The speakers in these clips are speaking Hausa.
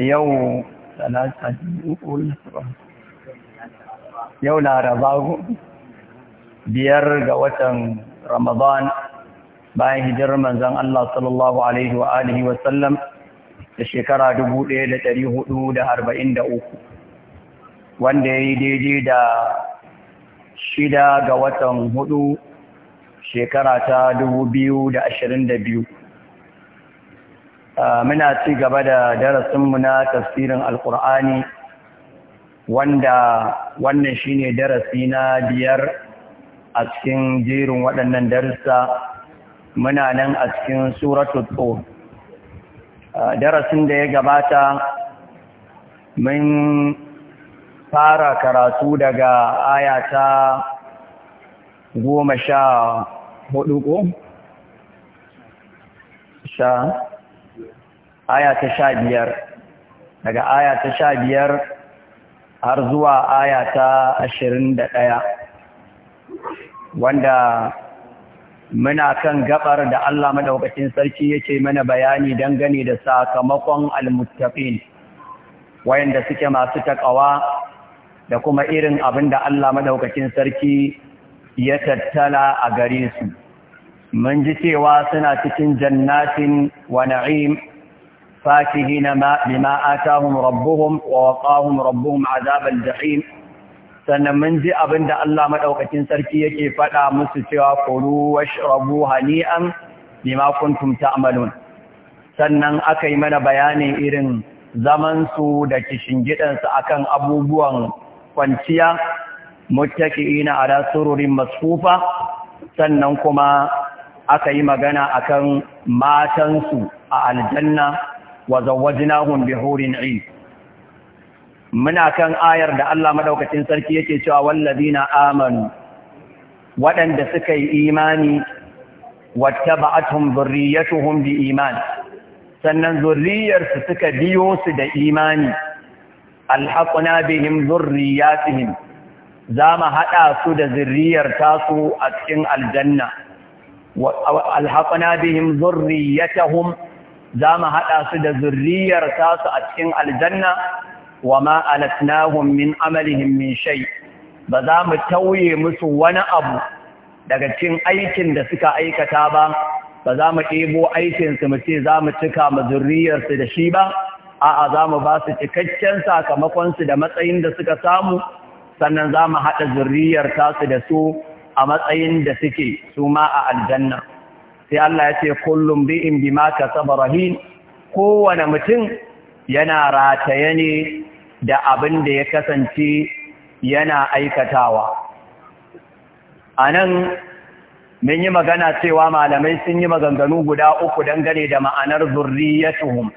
yau yau laraba biyar ga watan ramadan bayan hijirar manzan Allah sallallahu Alaihi wa alihi wasallam da shekara uku, wanda ya yi daidai da shida ga watan hudu shekara ta 2022 Ah, muna ci gaba da darasinmu na tafsirin alkur'ani wanda wannan shine darasi na biyar a cikin jerin waɗannan darussa muna nan a cikin suratul ah, darasin da ya gabata mun fara karatu daga ayata goma sha hudu ko? sha aya ta sha biyar daga aya ta sha biyar har zuwa aya ta ashirin da ɗaya wanda muna kan gabar da Allah Maɗaukakin sarki yake mana bayani dangane da sakamakon almuttaqin wayanda suke masu takawa da kuma irin abin da Allah Maɗaukacin sarki ya tattala a gare su mun ji cewa suna cikin jannatin wa na'im فاكهين ما بما آتاهم ربهم ووقاهم ربهم عذاب الجحيم sannan mun ji abin da Allah maɗaukacin sarki yake faɗa musu cewa kuru washrabu hani'an bima kuntum ta'malun sannan aka yi mana bayanin irin zaman su da kishingidan su akan abubuwan kwanciya muttaqi'ina ala sururin masfufa sannan kuma aka yi magana akan matan su a aljanna wa zawwajnahum bihurin 'ain muna kan ayar da Allah madaukakin sarki yake cewa wallazina amanu waɗanda suka yi imani wattaba'atuhum dhurriyyatuhum biiman sannan zurriyarsu suka biyo su da imani alhaqna bihim dhurriyyatihim za mu haɗa su da zurriyar tasu a cikin aljanna alhaqna bihim dhurriyyatahum za mu haɗa su da zurriyar tasu a cikin aljanna wa ma alatnahum min amalihim min ba za mu tauye musu wani abu daga cikin aikin da suka aikata ba ba za mu ɗebo aikinsu mu ce za mu cika ma zurriyarsu da shi ba a'a za mu ba su cikakken sakamakonsu da matsayin da suka samu sannan za mu haɗa zurriyar tasu da su a matsayin da suke su ma a aljanna sai Allah ya ce kullum bi'in bima kasaba rahin kowane mutum yana rataye ne da abin da ya kasance yana aikatawa anan mun yi magana cewa malamai sun yi maganganu guda uku dangane da ma'anar zurriyatuhum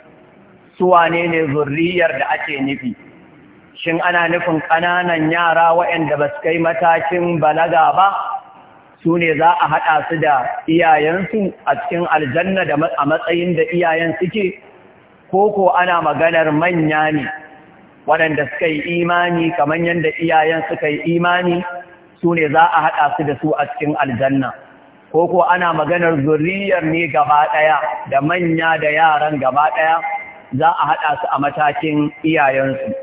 su wane ne zurriyar da ake nufi shin ana nufin ƙananan yara waɗanda ba su kai matakin balaga ba su ne za a haɗa su da iyayensu a cikin aljanna da a matsayin da iyayen suke koko ana maganar manya ne waɗanda suka yi imani kamar yadda iyayen suka yi imani su ne za a haɗa su da su a cikin aljanna koko ana maganar zuriyar ne gaba ɗaya da manya da yaran gaba ɗaya za a haɗa su a matakin iyayensu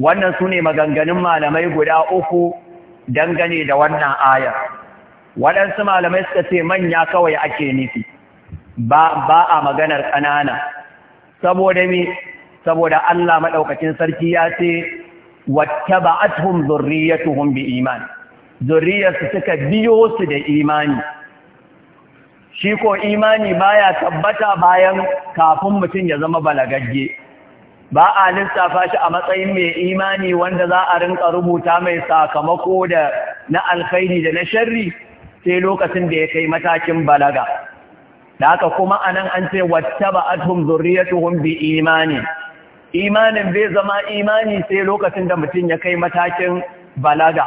wannan su ne maganganun malamai guda uku dangane da wannan ayar waɗansu malamai suka ce manya kawai ake nufi ba ba a maganar ƙanana saboda mi saboda Allah madaukakin sarki ya ce wattaba'atuhum dhurriyyatuhum biiman zurriyarsu suka biyo su da imani shi ko imani baya tabbata bayan kafin mutum ya zama balagagge ba a lissafa shi a matsayin mai imani wanda za a rinka rubuta mai sakamako da na alkhairi da na sharri sai lokacin da ya kai matakin balaga da haka kuma anan an ce wattaba'atuhum zurriyatuhum bi imani imanin bai zama imani sai lokacin da mutum ya kai matakin balaga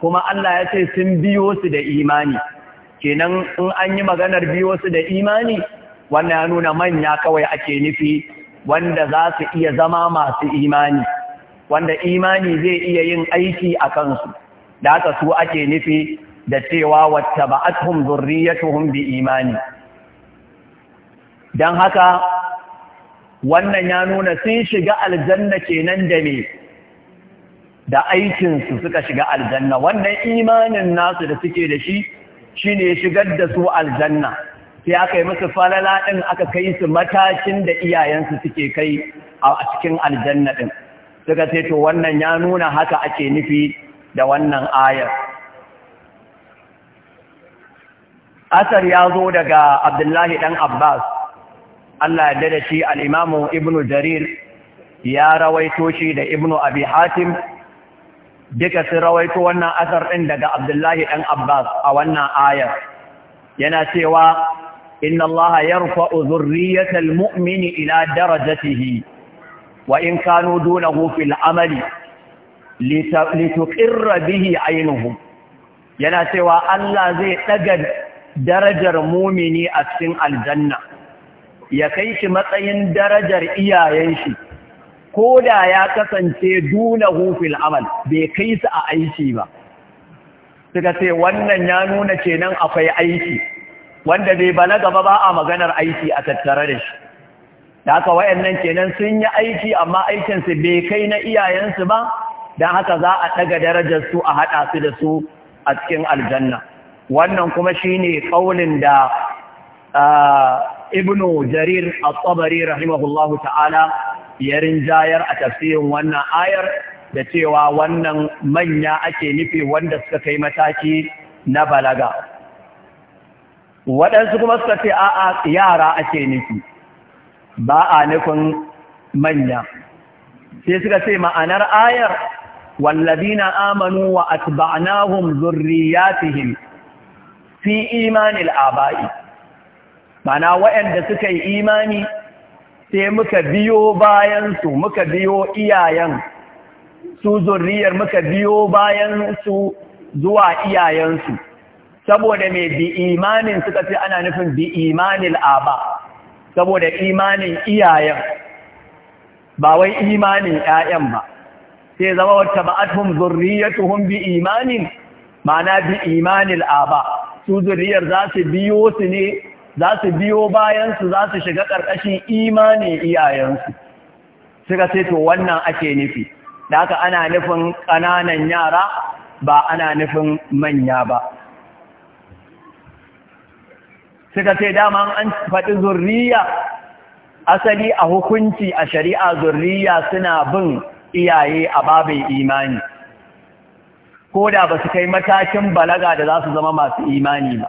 kuma Allah ya ce sun biyo su da imani kenan in an yi maganar biyo su da imani wannan ya nuna manya kawai ake nufi wanda za su iya zama masu imani wanda imani zai iya yin aiki a kansu da haka su ake nufi da cewa wattaba'atuhum zurriyatuhun bi imani Don haka wannan ya nuna sun shiga aljanna kenan da me da aikinsu suka shiga aljanna wannan imanin nasu da suke da shi shi ne shigar da su aljanna sai aka yi musu falala ɗin aka kai su matashin da iyayensu suke kai a cikin aljanna ɗin suka ce to wannan ya nuna haka ake nufi da wannan ayar asar ya zo daga abdullahi ɗan abbas allah ya da shi al'imamu ibnu jarir ya rawaito shi da ibnu abi hatim duka sun rawaito wannan asar ɗin daga abdullahi ɗan abbas a wannan ayar yana cewa inna allaha yarfa'u zurriyatal mu'mini ila darajatihi wa in kanu dunahu fil amali lituqirra bihi ainihu yana cewa Allah zai ɗaga. darajar mumini a cikin aljanna ya kai shi matsayin darajar iyayen shi ko da ya kasance duna hufil amal bai kai su a aiki ba suka ce wannan ya nuna kenan akwai aiki wanda bai na gaba ba a maganar aiki a tattare da shi da haka wayannan kenan sun yi aiki amma aikinsu bai kai na iyayensu ba don haka za a ɗaga su a haɗa su da su a cikin aljanna wannan kuma shine ƙaunin da ibnu jarir at-tabari rahimahullahu ta'ala ya rinjayar a tafsirin wannan ayar da cewa wannan manya ake nufi wanda suka kai mataki na balaga waɗansu kuma suka ce a'a yara ake nufi ba a nufin manya sai suka ce ma'anar ayar wallazina amanu wa atba'nahum zurriyatihim fi imanil aba'i mana waɗanda suka yi imani sai muka biyo bayansu muka biyo iyayen su zurriyar muka biyo bayan su zuwa iyayensu saboda mai bi imanin suka ce ana nufin bi imanil aba saboda imanin iyayen ba wai imanin 'ya'yan ba sai zama wata ba'atuhum zurriyatuhum bi imanin Mana bi imani aba su zuriyar za su biyo su ne za su biyo bayansu za su shiga ƙarƙashin imani iyayensu suka ce to wannan ake nufi da aka ana nufin ƙananan yara ba ana nufin manya ba suka ce dama an faɗi zurriya asali a hukunci a shari'a zurriya suna bin iyaye a babin imani ko da ba su kai matakin balaga da za su zama masu imani ba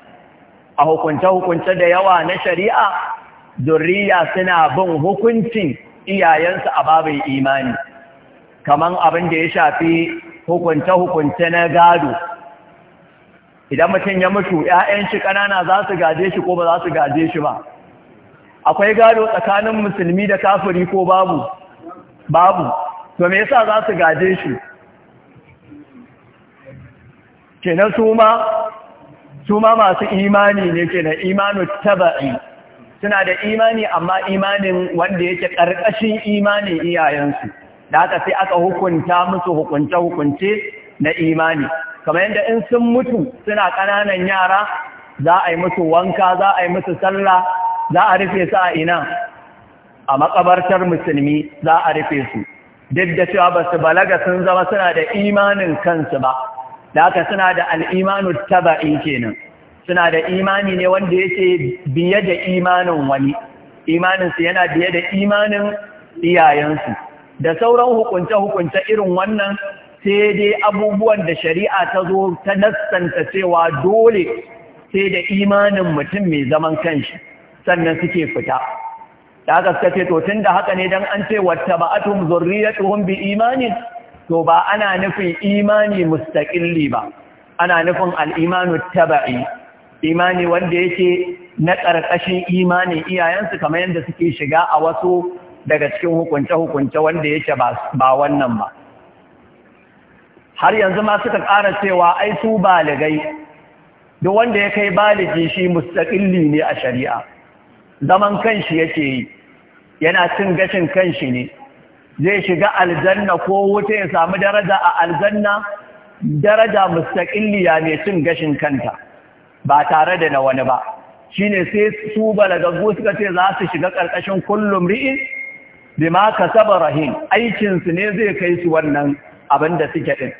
a hukunce-hukunce da yawa na shari'a zurriya suna bin hukuncin iyayensu a babin imani kamar abin da ya shafi hukunce-hukunce na gado idan mutum ya mutu 'ya'yan shi ƙanana za su gaje shi ko ba za su gaje shi ba akwai gado tsakanin musulmi da kafiri ko babu babu to me yasa za su gaje shi kenan su ma masu imani ne kenan imanu taba'i suna da imani amma imanin wanda yake ƙarƙashin imanin iyayensu da aka sai aka hukunta musu hukunce-hukunce na imani kamar yadda in sun mutu suna ƙananan yara za a yi musu wanka za a yi musu sallah za a rufe su a ina a makabartar musulmi za a rufe su duk da cewa ba su balaga sun zama suna da imanin kansu ba da aka suna da al'imanu taba'i kenan suna da imani ne wanda yake biye da imanin wani imaninsu yana biye da imanin iyayensu da sauran hukunce-hukunce irin wannan sai dai abubuwan da shari'a ta zo ta nassanta cewa dole sai da imanin mutum mai zaman kanshi sannan suke fita da haka suka ce to tun da haka ne don an ce wata ba'atun tuhun bi imanin to ba ana nufin imani mustaqilli ba ana nufin al-imanu tabi'i imani wanda yake na ƙarƙashin imanin iyayensu kamar yadda suke shiga a wasu daga cikin hukunce-hukunce wanda yake ba wannan ba har yanzu ma suka ƙara cewa ai su baligai duk wanda ya kai baligi shi mustaƙilli ne a shari'a zaman kanshi yake yi yana cin gashin kanshi ne zai shiga aljanna ko wuta ya samu daraja a aljanna daraja mustaqilliya ne cin gashin kanta ba tare da na wani ba shine sai su balagaggu suka ce za su shiga karkashin kullum ri'in bima kasaba rahim aikin su ne zai kai su wannan abin da suke din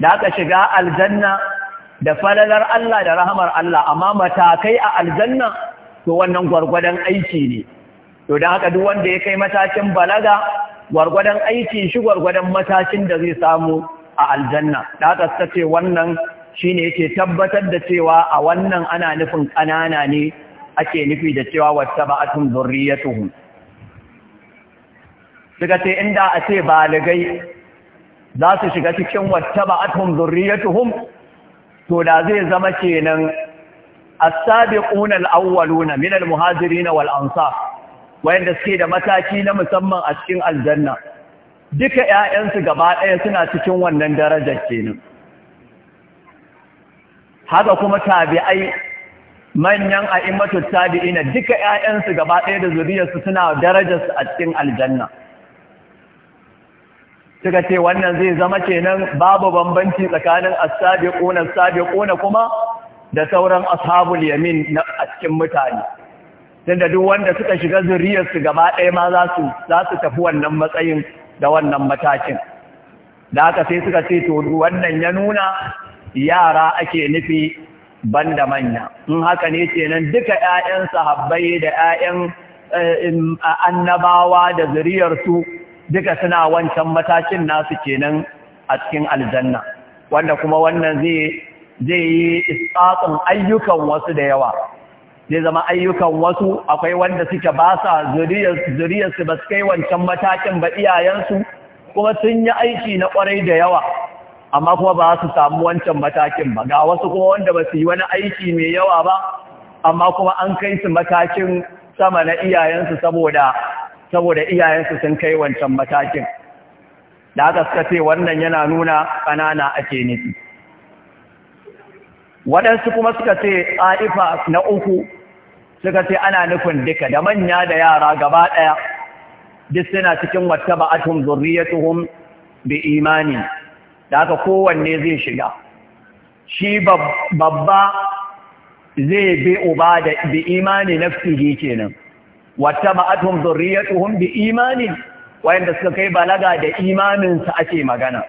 da aka shiga aljanna da falalar Allah da rahamar Allah amma matakai a aljanna to wannan gwargwadon aiki ne to don haka duk wanda ya kai matakin balaga gwargwadon aiki shi gwargwadon matakin da zai samu a aljanna da haka suka ce wannan shine yake tabbatar da cewa a wannan ana nufin ƙanana ne ake nufi da cewa wata ba'atun zurriyatuhum suka ce inda a ce baligai za su shiga cikin wata ba'atun zurriyatuhum to da zai zama kenan as-sabiquna al-awwaluna min al-muhajirin wal ansar wayanda suke da mataki na musamman a cikin aljanna duka ƴaƴansu gaba ɗaya suna cikin wannan darajar kenan haka kuma tabi'ai manyan a'immatu tabi'ina duka ƴaƴansu gaba ɗaya da zuriyarsu suna darajarsu a cikin aljanna suka ce wannan zai zama kenan babu bambanci tsakanin as-sabiquna as-sabiquna kuma da sauran ashabul yamin a cikin mutane tunda duk wanda suka shiga zuriyarsu gaba ɗaya ma za su tafi wannan matsayin da wannan matakin da aka sai suka ce to wannan ya nuna yara ake nufi banda manya in haka ne kenan duka ƴaƴan sahabbai da 'ya'yan eh, annabawa da zuriyarsu duka suna wancan matakin nasu kenan a cikin aljanna wanda kuma wannan zai zai yi ayyukan wasu da yawa zai zama ayyukan wasu akwai wanda suke ba sa zuriyarsu ba su kai wancan matakin ba iyayensu kuma sun yi aiki na kwarai da yawa amma kuma ba su samu wancan matakin ba ga wasu kuma wanda ba su yi wani aiki mai yawa ba amma kuma an kai su matakin sama na iyayensu saboda saboda iyayensu sun kai wancan matakin da aka suka ce wannan yana nuna ƙanana ake nufi waɗansu kuma suka ce aifa na uku suka ce ana nufin duka da manya da yara gaba ɗaya duk suna cikin wata ba'atun zurriyatuhum bi imani da aka kowanne zai shiga shi babba zai bi uba da bi imani nafsihi kenan wata ba'atun zurriyatuhum bi imani wayanda suka kai balaga da imaninsa ake magana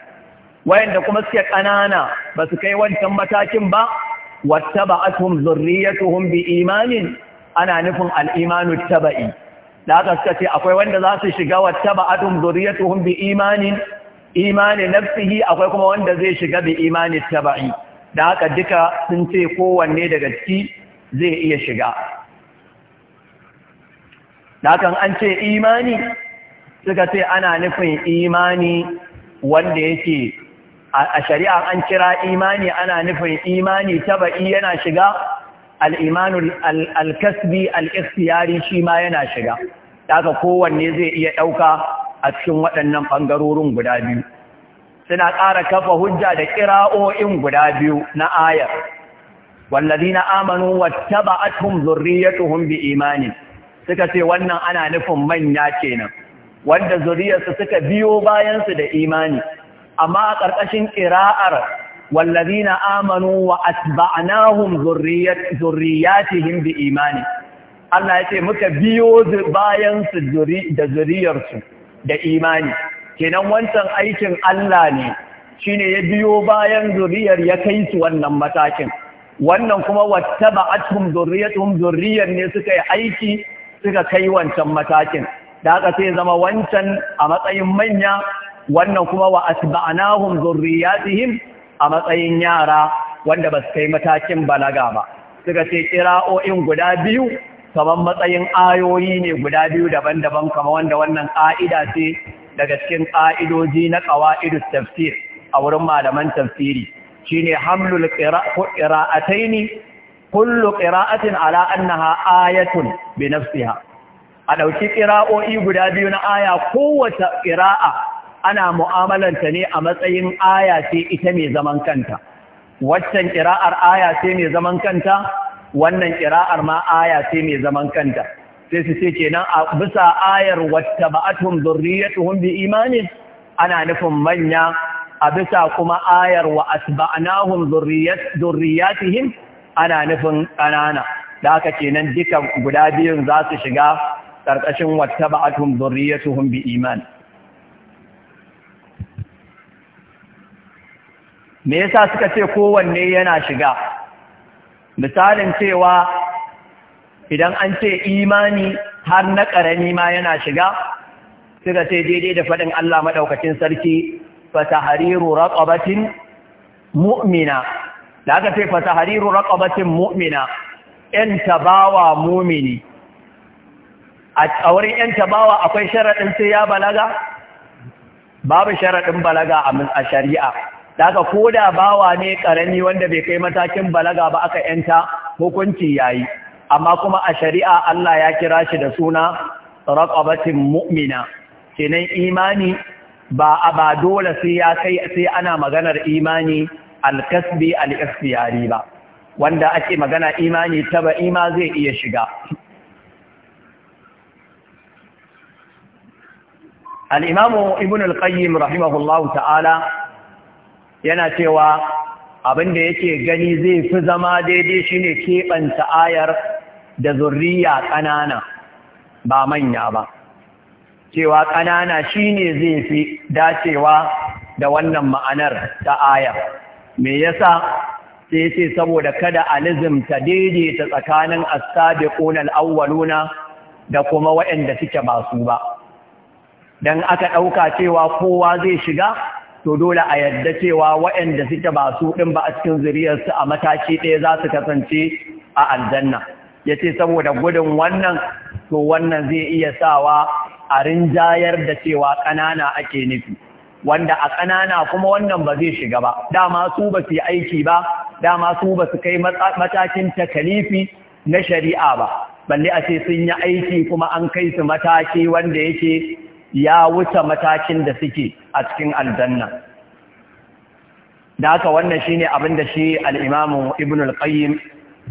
wayanda kuma suke ƙanana ba su kai wancan matakin ba ya zurriyatuhum bi imanin ana nufin al-imanu taba'i da aka suka ce akwai wanda za su shiga ya zurriyatuhum bi imanin imani nafsihi akwai kuma wanda zai shiga bi imani taba'i da haka duka sun ce kowanne daga ciki zai iya shiga da haka an ce imani suka ce ana nufin imani wanda yake a shari'a an kira imani ana nufin imani taba'i yana shiga al'imanu al'kasbi, kasbi al shi ma yana shiga daga kowanne zai iya ɗauka a cikin waɗannan ɓangarorin guda biyu suna ƙara kafa hujja da ƙira'o'in guda biyu na ayar na amanu wattaba'atuhum zurriyyatuhum imani. suka ce wannan ana nufin manya kenan wanda zuriyarsu suka biyo bayansu da imani amma a ƙarƙashin ƙira'ar na amanu wa ba'anahun zurriyatihin bi imani Allah ya ce muka biyo bayan su da zuriyarsu da imani kenan wancan aikin Allah ne shi ne ya biyo bayan zuriyar ya kai su wannan matakin wannan kuma wattaba'atuhum zurriyatuhum zurriyar ne suka yi aiki suka kai wancan matakin da aka sai zama wancan a matsayin manya wannan kuma wa asba'nahum zurriyatihim a matsayin yara wanda ba su kai matakin balaga ba suka ce kira'o'in guda biyu kamar matsayin ayoyi ne guda biyu daban-daban kama wanda wannan ƙa'ida ce daga cikin ƙa'idoji na ƙawa'idu tafsir a wurin malaman tafsiri shine hamlul qira'ataini kullu qira'atin ala annaha ayatun bi nafsiha a dauki qira'o'i guda biyu na aya kowace qira'a ana mu'amalanta ne a matsayin aya ce ita mai zaman kanta waccan ƙira'ar aya ce mai zaman kanta wannan ƙira'ar ma aya ce mai zaman kanta sai su ce kenan a bisa ayar wacce ba'atum zurriyatuhum bi imani ana nufin manya a bisa kuma ayar wa asba'nahum zurriyatihim ana nufin ƙanana da haka kenan duka guda biyun za su shiga ƙarƙashin wacce ba'atum zurriyatuhum bi imani me yasa suka ce kowanne yana shiga misalin cewa idan an ce imani har na ƙarami ma yana shiga suka ce daidai da faɗin Allah maɗaukacin sarki hariru raqabatin mu'mina da aka ce hariru raqabatin mu'mina ‘yan tabawa mumini a wurin ‘yan tabawa akwai sharaɗin sai ya balaga babu sharaɗin balaga a shari'a da aka koda bawa ne karami wanda bai kai matakin balaga ba aka yanta hukunci yayi amma kuma a shari'a Allah ya kira shi da suna raqabatin mu'mina kenan imani ba ba dole sai ya kai sai ana maganar imani al-Kasbi, al-ikhtiyari ba wanda ake magana imani taba ima zai iya shiga al-imamu ibn al-qayyim rahimahullahu ta'ala yana cewa abin da yake gani zai fi zama daidai shi ne keɓanta ayar da zurriya ƙanana ba manya ba cewa ƙanana shi ne zai fi dacewa da wannan ma'anar ta ayar me yasa sai ce saboda kada alizimta daidaita tsakanin as-sabiquna al da kuma waɗanda suke masu ba don aka ɗauka cewa kowa zai shiga to dole a yadda cewa waɗanda suke ba su ɗin ba a cikin zuriyarsu a mataki ɗaya za su kasance a aljanna ya ce saboda gudun wannan to wannan zai iya sawa a rinjayar da cewa ƙanana ake nufi wanda a ƙanana kuma wannan ba zai shiga ba dama su ba su yi aiki ba dama su ba su kai matakin takalifi na shari'a ba balle a ce sun yi aiki kuma an kai su mataki wanda yake ya wuce matakin da suke a cikin aljanna da haka wannan shine abin da shi al-imamu ibn al-qayyim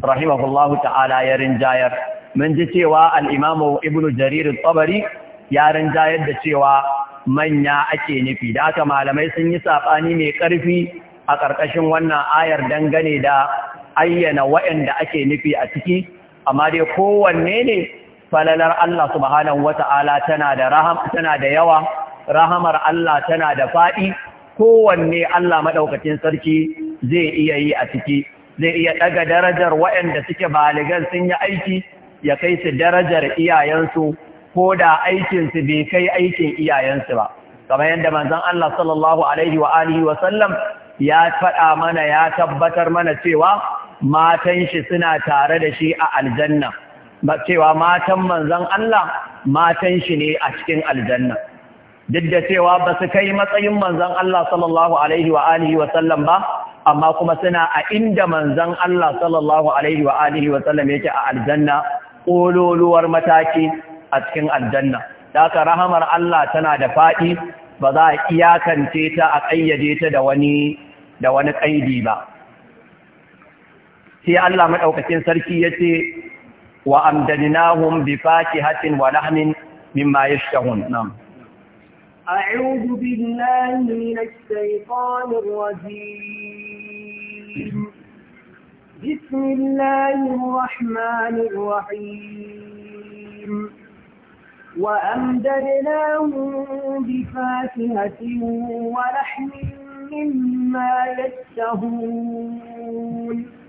rahimahullahu ta'ala ya rinjayar mun ji cewa al-imamu ibn jarir al-tabari ya rinjayar da cewa manya ake nufi da haka malamai sun yi sabani mai karfi a ƙarƙashin wannan ayar dangane da ayyana waɗanda ake nufi a ciki amma dai kowanne ne falalar Allah subhanahu wata'ala tana da raham tana da yawa rahamar Allah tana da faɗi kowanne Allah maɗaukacin sarki zai iya yi a ciki zai iya ɗaga darajar waɗanda suke baligan sun yi aiki ya kai su darajar iyayensu ko da aikinsu bai kai aikin iyayensu ba kamar yadda manzon Allah sallallahu alaihi wa alihi sallam ya faɗa mana ya tabbatar mana cewa matan shi suna tare da shi a aljanna cewa matan manzon Allah matan shi ne a cikin aljanna duk da cewa ba su kai matsayin manzon Allah sallallahu alaihi wa alihi wa sallam ba amma kuma suna a inda manzon Allah sallallahu alaihi wa alihi wa sallam yake a aljanna ƙololuwar mataki a cikin aljanna daga rahamar Allah tana da faɗi ba za a iyakance ta a ƙayyade ta da wani ƙaidi ba sai Allah maɗaukakin sarki yace wa nahun bi fakihatin wa lahmin mimma yashtahun na'am أعوذ بالله من الشيطان الرجيم بسم الله الرحمن الرحيم وأمددناهم بفاكهة ولحم مما يشتهون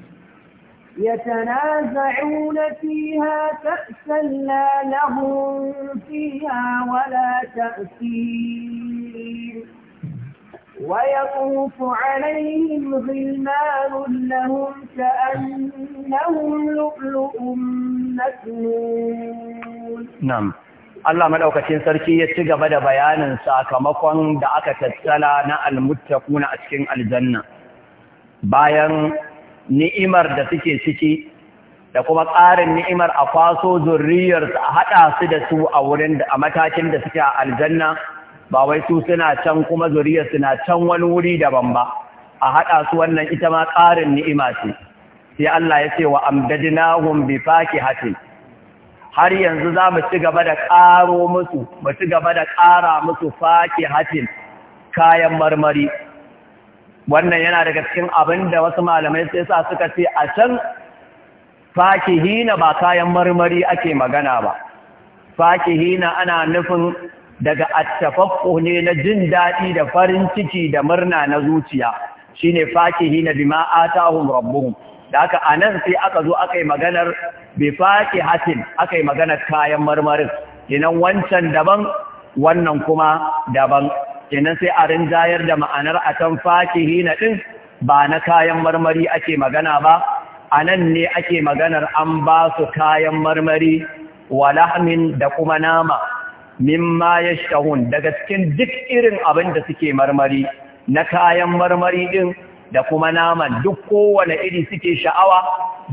يتنازعون فيها كأسا لا لهم فيها ولا تأثير ويطوف عليهم غلمان لهم كأنهم لؤلؤ مكنون نعم الله ملوك تنسركي يتجب بيانا ساك مقوان دعك تتسلانا المتقون أسكن الجنة bayan ni'imar da suke ciki da kuma ƙarin ni'imar a kwaso su, a haɗa su da su a wurin a matakin da suke a aljanna ba wai su suna can kuma zurriyar suna can wani wuri daban ba a haɗa su wannan ita ma ƙarin ni'ima ce sai Allah ya ce wa amdadnahum bi fakihati har yanzu za mu ci gaba da ƙaro musu mu ci gaba da ƙara musu fakihatin kayan marmari wannan yana daga cikin abin da wasu malamai sai sa suka ce a can fakihina ba kayan marmari ake magana ba fakihina ana nufin daga attafaffu ne na jin daɗi da farin ciki da murna na zuciya shine fakihina bima atahum rabbuhum da aka anan sai aka zo aka yi maganar bi fakihatin aka yi maganar kayan marmarin inan wancan daban wannan kuma daban kenan sai a rinjayar da ma'anar akan na ɗin ba na kayan marmari ake magana ba a nan ne ake maganar an ba su kayan marmari walahmin da kuma nama mimma shahun? daga cikin duk irin abin da suke marmari na kayan marmari ɗin da kuma naman duk kowane iri suke sha'awa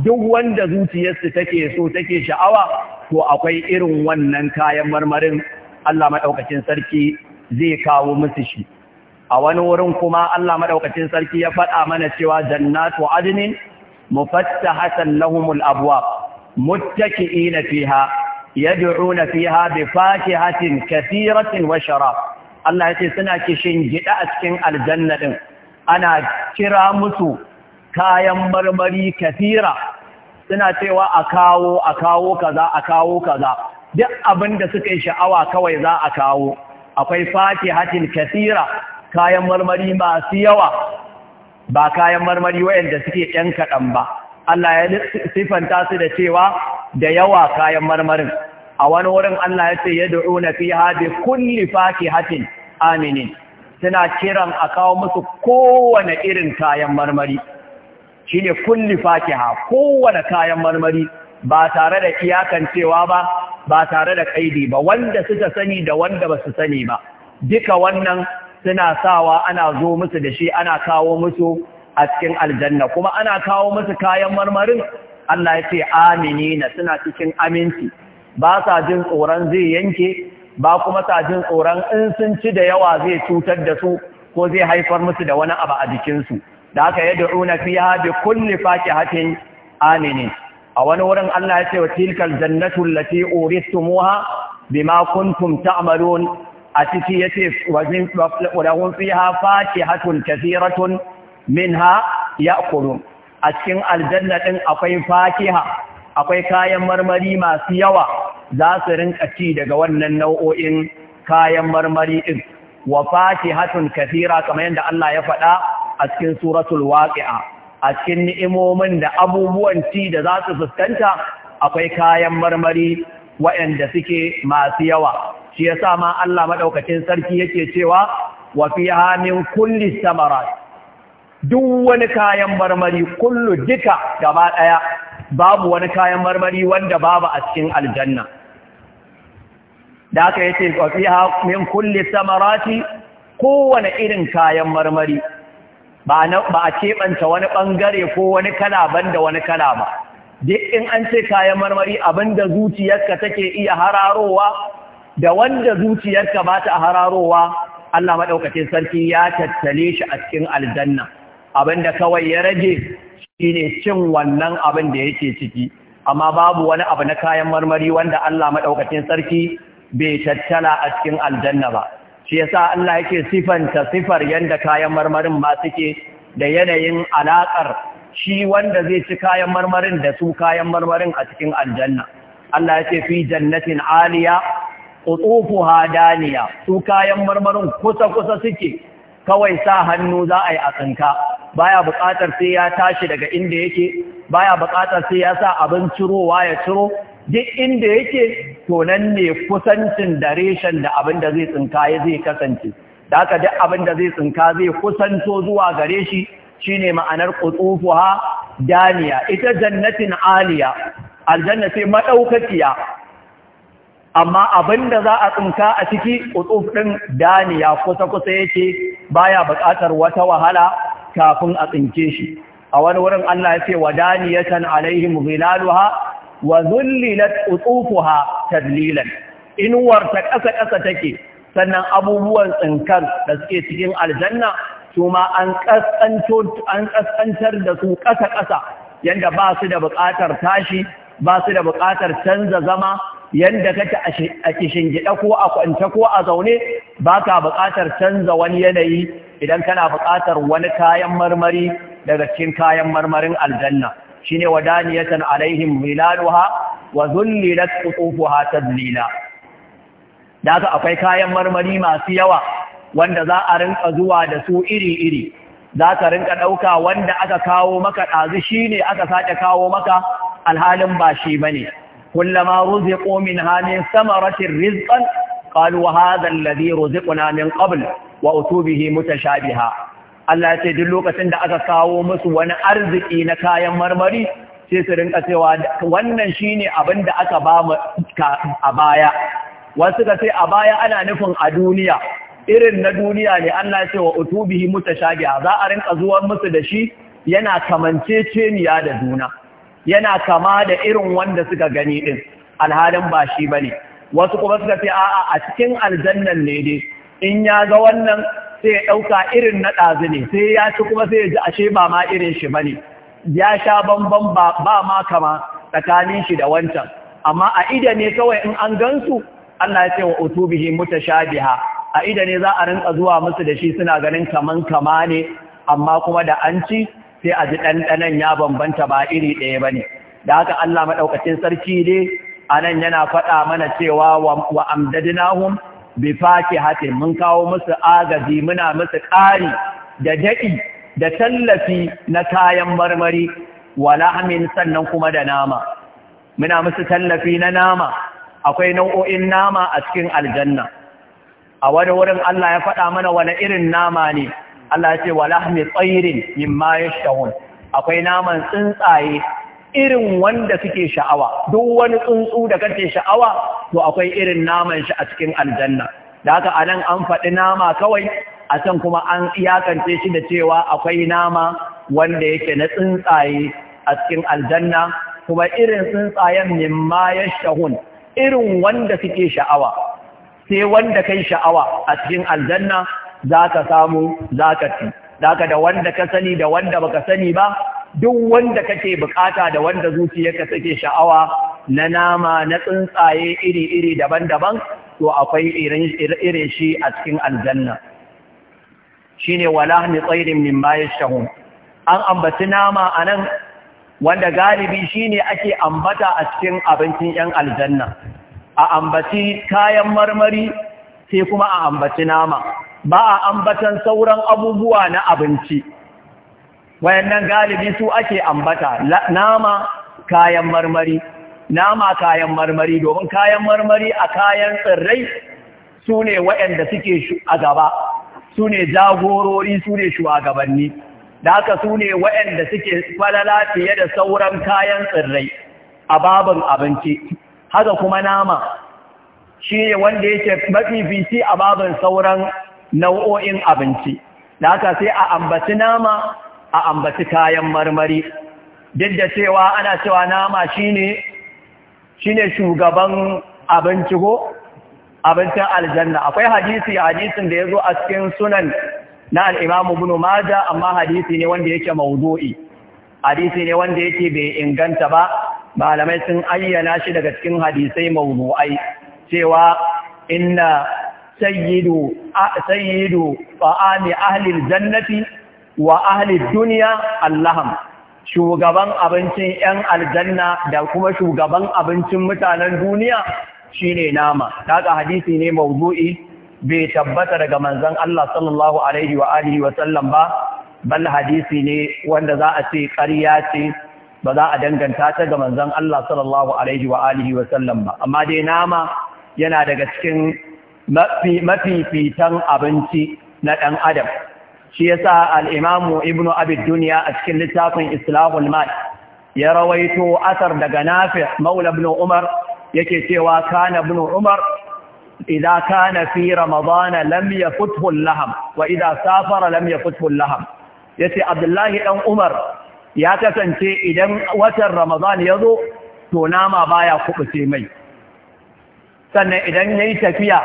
duk wanda zuciyarsu take so take sha'awa to akwai irin wannan kayan marmarin Allah maɗaukacin sarki zai kawo musu shi a wani wurin kuma Allah madaukakin sarki ya faɗa mana cewa jannatu adnin mufattahatan lahumul abwab muttaki'ina fiha yad'una fiha bi fakihatin kathiratin wa sharab Allah yace suna kishin gida a cikin aljanna din ana kira musu kayan marmari kathira suna cewa a kawo a kawo kaza a kawo kaza duk abinda suka yi sha'awa kawai za a kawo akwai fatihatin kasira kayan marmari masu yawa ba kayan marmari wayanda suke ɗan kaɗan ba Allah ya sifanta su da cewa da yawa kayan marmarin a wani wurin Allah ya ce na fi haɗe kulli fatihatin aminin suna kiran a kawo musu kowane irin kayan marmari shine kulli fatiha kowane kayan marmari ba tare da iyakancewa ba ba tare da kaidi ba wanda suka sani da wanda ba su sani ba duka wannan suna sawa ana zo musu da shi ana kawo musu a cikin aljanna kuma ana kawo musu kayan marmarin Allah ya ce na suna cikin aminci ba sa jin tsoron zai yanke ba kuma sa jin tsoron in sun ci da yawa zai cutar da su ko zai haifar musu da wani abu a jikinsu da aka yi da'una fiya bi kulli fakihatin aminin a wani wurin Allah ya ce wa tilkal jannatu allati uristumuha bima kuntum ta'malun a ciki yace wajin lahum fiha fatihatun kathiratun minha ya'kulun a cikin aljanna din akwai fatiha akwai kayan marmari masu yawa za su rinka ci daga wannan nau'o'in kayan marmari din wa fatihatun kathira kamar yadda Allah ya faɗa a cikin suratul waqi'a a cikin ni'imomin da abubuwan ci da za su fuskanta akwai kayan marmari waɗanda suke masu yawa shi yasa ma Allah madaukakin sarki yake cewa wa fiha min kulli samarat duk wani kayan marmari kullu duka gaba ɗaya babu wani kayan marmari wanda babu a cikin aljanna da aka yace wa fiha min kulli samarati kowane irin kayan marmari ba a keɓanta wani ɓangare ko wani kala ban da wani kala ba duk in an ce kayan marmari abin da zuciyarka take iya hararowa da wanda zuciyarka ba ta hararowa Allah maɗaukacin sarki ya tattale shi a cikin aljanna abinda kawai ya rage shi ne cin wannan abin da yake ciki amma babu wani abu na kayan marmari wanda Allah maɗaukacin sarki bai tattala a cikin aljanna ba shi yasa Allah yake sifanta sifar yanda kayan marmarin ma suke da yanayin alaƙar shi wanda zai ci kayan marmarin da su kayan marmarin a cikin aljanna Allah yake fi jannatin aliya qutufuha daniya su kayan marmarin kusa kusa suke kawai sa hannu za a yi a tsinka baya buƙatar sai ya tashi daga inda yake baya buƙatar sai ya sa abin cirowa ya ciro duk inda yake to ne kusancin da reshen da abin da zai tsinka ya zai kasance da haka duk abin da zai tsinka zai kusanto zuwa gare shi shi ne ma'anar ha daniya ita jannatin aliya aljanna maɗaukakiya amma abin da za a tsinka a ciki kutsufin din daniya kusa kusa yake baya buƙatar wata wahala kafin a tsinke shi a wani wurin Allah ya ce wa daniyatan alaihim zilaluha wa zullilat utufuha tadlilan inuwar ta ƙasa ƙasa take sannan abubuwan tsinkar da suke cikin aljanna su an ƙasƙantar da su ƙasa ƙasa yanda ba su da buƙatar tashi ba su da buƙatar canza zama yanda kake a gida ko a kwance ko a zaune ba ka buƙatar canza wani yanayi idan kana buƙatar wani kayan marmari daga cikin kayan marmarin aljanna shine wadaniyatan alaihim hilaluha wa zullilat qutufuha tadlila daga akwai kayan marmari masu yawa wanda za a rinka zuwa da su iri-iri za ka rinka ɗauka wanda aka kawo maka ɗazu shi ne aka sake kawo maka alhalin ba shi ba ne kullama ruzi ƙomin hannun samaratin rizkan ƙalu hazan lade ruzi ƙunamin ƙabul wa utubihi mutashabiha Allah ya ce duk lokacin da aka kawo musu wani arziki na kayan marmari sai su rinka cewa wannan shine abin da aka ba mu a baya wasu ka ce a baya ana nufin a duniya irin na duniya ne Allah ya ce wa utubihi mutashabiha za a rinka zuwa musu da shi yana kamanceceniya da juna yana kama da irin wanda suka gani din alhalin ba shi bane wasu kuma suka ce a'a a cikin aljannan ne dai in ya ga wannan sai ya ɗauka irin na ɗazi ne sai ya ci kuma sai ya ji ashe ba ma irin shi ba ne ya sha bamban ba ma kama tsakanin shi da wancan amma a ida ne kawai in an gansu Allah ya ce wa utubihi mutashabiha a ida ne za a rinka zuwa musu da shi suna ganin kaman kama ne amma kuma da an ci sai a ji ɗanɗanan ya bambanta ba iri ɗaya ba ne da haka Allah maɗaukacin sarki dai a nan yana faɗa mana cewa wa amdadinahum bi hati mun kawo musu agaji muna musu ƙari da daɗi da tallafi na kayan marmari wala amin sannan kuma da nama muna musu tallafi na nama akwai nau'o'in nama a cikin aljanna a wani wurin Allah ya faɗa mana wani irin nama ne Allah ya ce wala amin tsairin mimma yashtahun akwai naman tsuntsaye irin wanda suke sha'awa duk wani tsuntsu da kake sha'awa to akwai irin naman shi a cikin aljanna da haka anan an faɗi nama kawai a can kuma an iyakance shi da cewa akwai nama wanda yake na tsuntsaye a cikin aljanna kuma irin tsuntsayen ma ya shahun irin wanda suke sha'awa sai wanda kai sha'awa a cikin aljanna za ka samu zakati ci da wanda ka sani da wanda baka sani ba duk wanda kake bukata da wanda zuciyarka take sha'awa na nama na tsuntsaye iri-iri daban-daban to akwai irin shi a cikin aljanna shine wala ni tsairin min shahun an ambaci nama anan wanda galibi shine ake ambata a cikin abincin yan aljanna a ambaci kayan marmari sai kuma a ambaci nama ba a ambatan sauran abubuwa na abinci wayannan galibi su ake ambata nama kayan marmari nama kayan marmari domin kayan marmari a kayan tsirrai su ne waɗanda suke a gaba su ne jagorori su ne shugabanni da haka su ne waɗanda suke falala fiye da sauran kayan tsirrai a babin abinci haka kuma nama shi ne wanda yake mafifici a babin sauran nau'o'in abinci da haka sai a ambaci nama a ambaci kayan marmari duk da cewa ana cewa nama shine ne shugaban abinci ko abincin aljanna akwai hadisi hadisin da ya zo a cikin sunan na alimamu imam Ibn amma hadisi ne wanda yake maudu’i, hadisi ne wanda yake bai inganta ba malamai sun ayyana shi daga cikin hadisai maudu’ai, cewa inna sayyidu sayyidu ahlil ahlil jannati wa ahli duniya allaham shugaban abincin 'yan aljanna da kuma shugaban abincin mutanen duniya shine nama daga hadisi ne mawdu'i bai tabbata daga manzon Allah sallallahu alaihi wa alihi wa sallam ba bal hadisi ne wanda za a ce ƙarya ce ba za a danganta ta ga manzon Allah sallallahu alaihi wa alihi wa sallam ba amma dai nama yana daga cikin mafifitan abinci na ɗan adam shi yasa al al'imamu Ibn Abid duniya a cikin littafin Islahul Mal ya rawaito asar daga Nafi Maula ibn Umar yake cewa kana ibn Umar idza kana fi Ramadan lam yafuthu al-laham wa idza safara lam yafuthu al-laham yace Abdullahi dan Umar ya kasance idan watan Ramadan ya zo to nama baya kubuce mai sannan idan yayi tafiya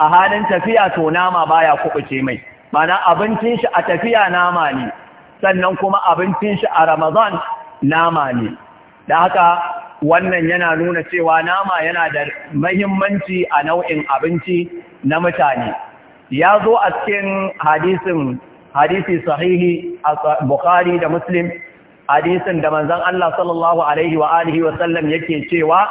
a halin tafiya to nama baya kubuce mai mana abincin shi a tafiya nama ne sannan kuma abincin shi a Ramadan nama ne da haka wannan yana nuna cewa nama yana da mahimmanci a nau'in abinci na mutane ya zo a cikin hadisin hadisi sahihi a Bukhari da Muslim hadisin da manzan Allah sallallahu alaihi wa alihi wa yake cewa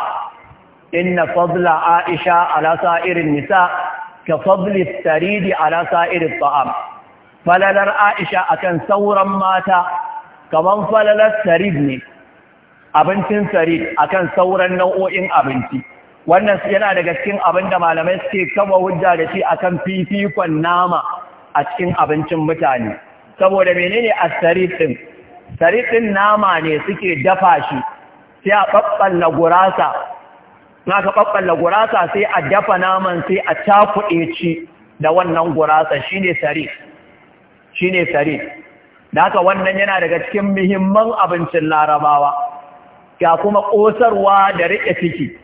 inna fadla Aisha ala sa'irin nisa' ka fadli taridi ala sa'iri ta'am falalar Aisha akan sauran mata kamar falalar tarid ne abincin tarid akan sauran nau'o'in abinci wannan yana daga cikin abin da malamai suke kama hujja da shi akan fifikon nama a cikin abincin mutane saboda menene astarid ɗin? tarid ɗin nama ne suke dafa shi sai a babban gurasa na ka ɓaɓɓalla gurasa sai a dafa naman sai a cakuɗe ci da wannan gurasa shi ne sarif shi ne da haka wannan yana daga cikin muhimman abincin larabawa ga kuma ƙosarwa da riƙe ciki